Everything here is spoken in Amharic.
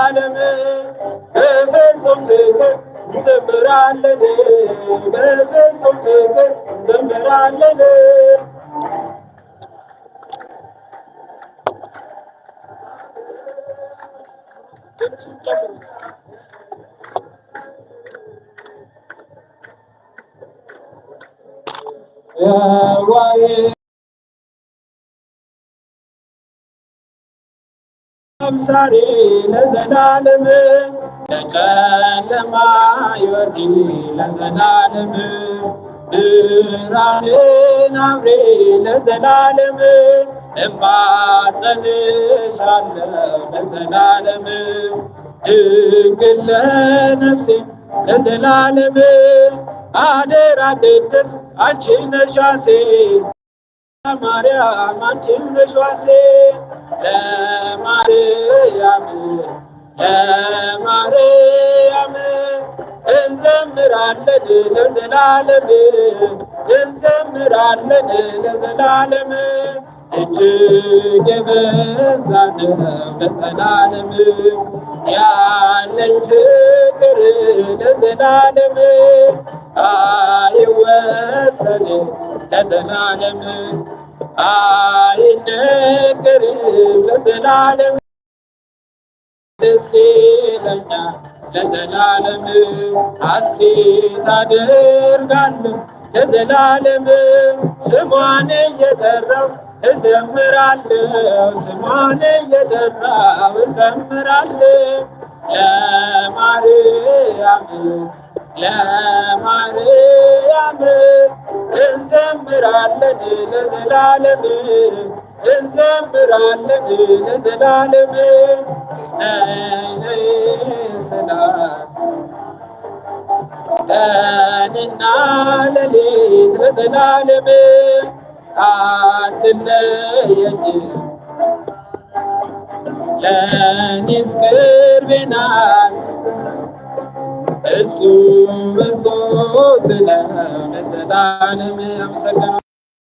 ዓለም በፍጹም ፍቅር እንዘምራለን በፍጹም ፍቅር እንዘምራለን ዋይ አብሳሪ ለዘላለም ለጨለማ ሕይወቴ ለዘላለም ብርሃኔን አብሬ ለዘላለም እማጸንሻለሁ ለዘላለም ድንግል ለነፍሴ ለዘላለም አደራ ቅድስት አንቺ ነሽ ራሴ ማርያም አንቺም ነሽ ለማርያም ለማርያም እንዘምራለን ለዘላለም እንዘምራለን ለዘላለም እጅግ የበዛን ለዘላለም ያለን ፍቅር ለዘላለም ለዘላለም አይነገርም ለዘላለም ደስ ይለኛል ለዘላለም ሐሴት አደርጋለሁ ለዘላለም ስሟን እየጠራው እዘምራለሁ ስሟን እየጠራው እዘምራለሁ ለማርያም ለማርያም እንዘምራለን ለዘላለም እንዘምራለን ለዘላለም ሰላም ቀንና ሌሊት ለዘላለም አትለየኝ ለኒስክር ቤናት እሱ ብፁዕ ብለን ምስጋና የሚያመሰግነው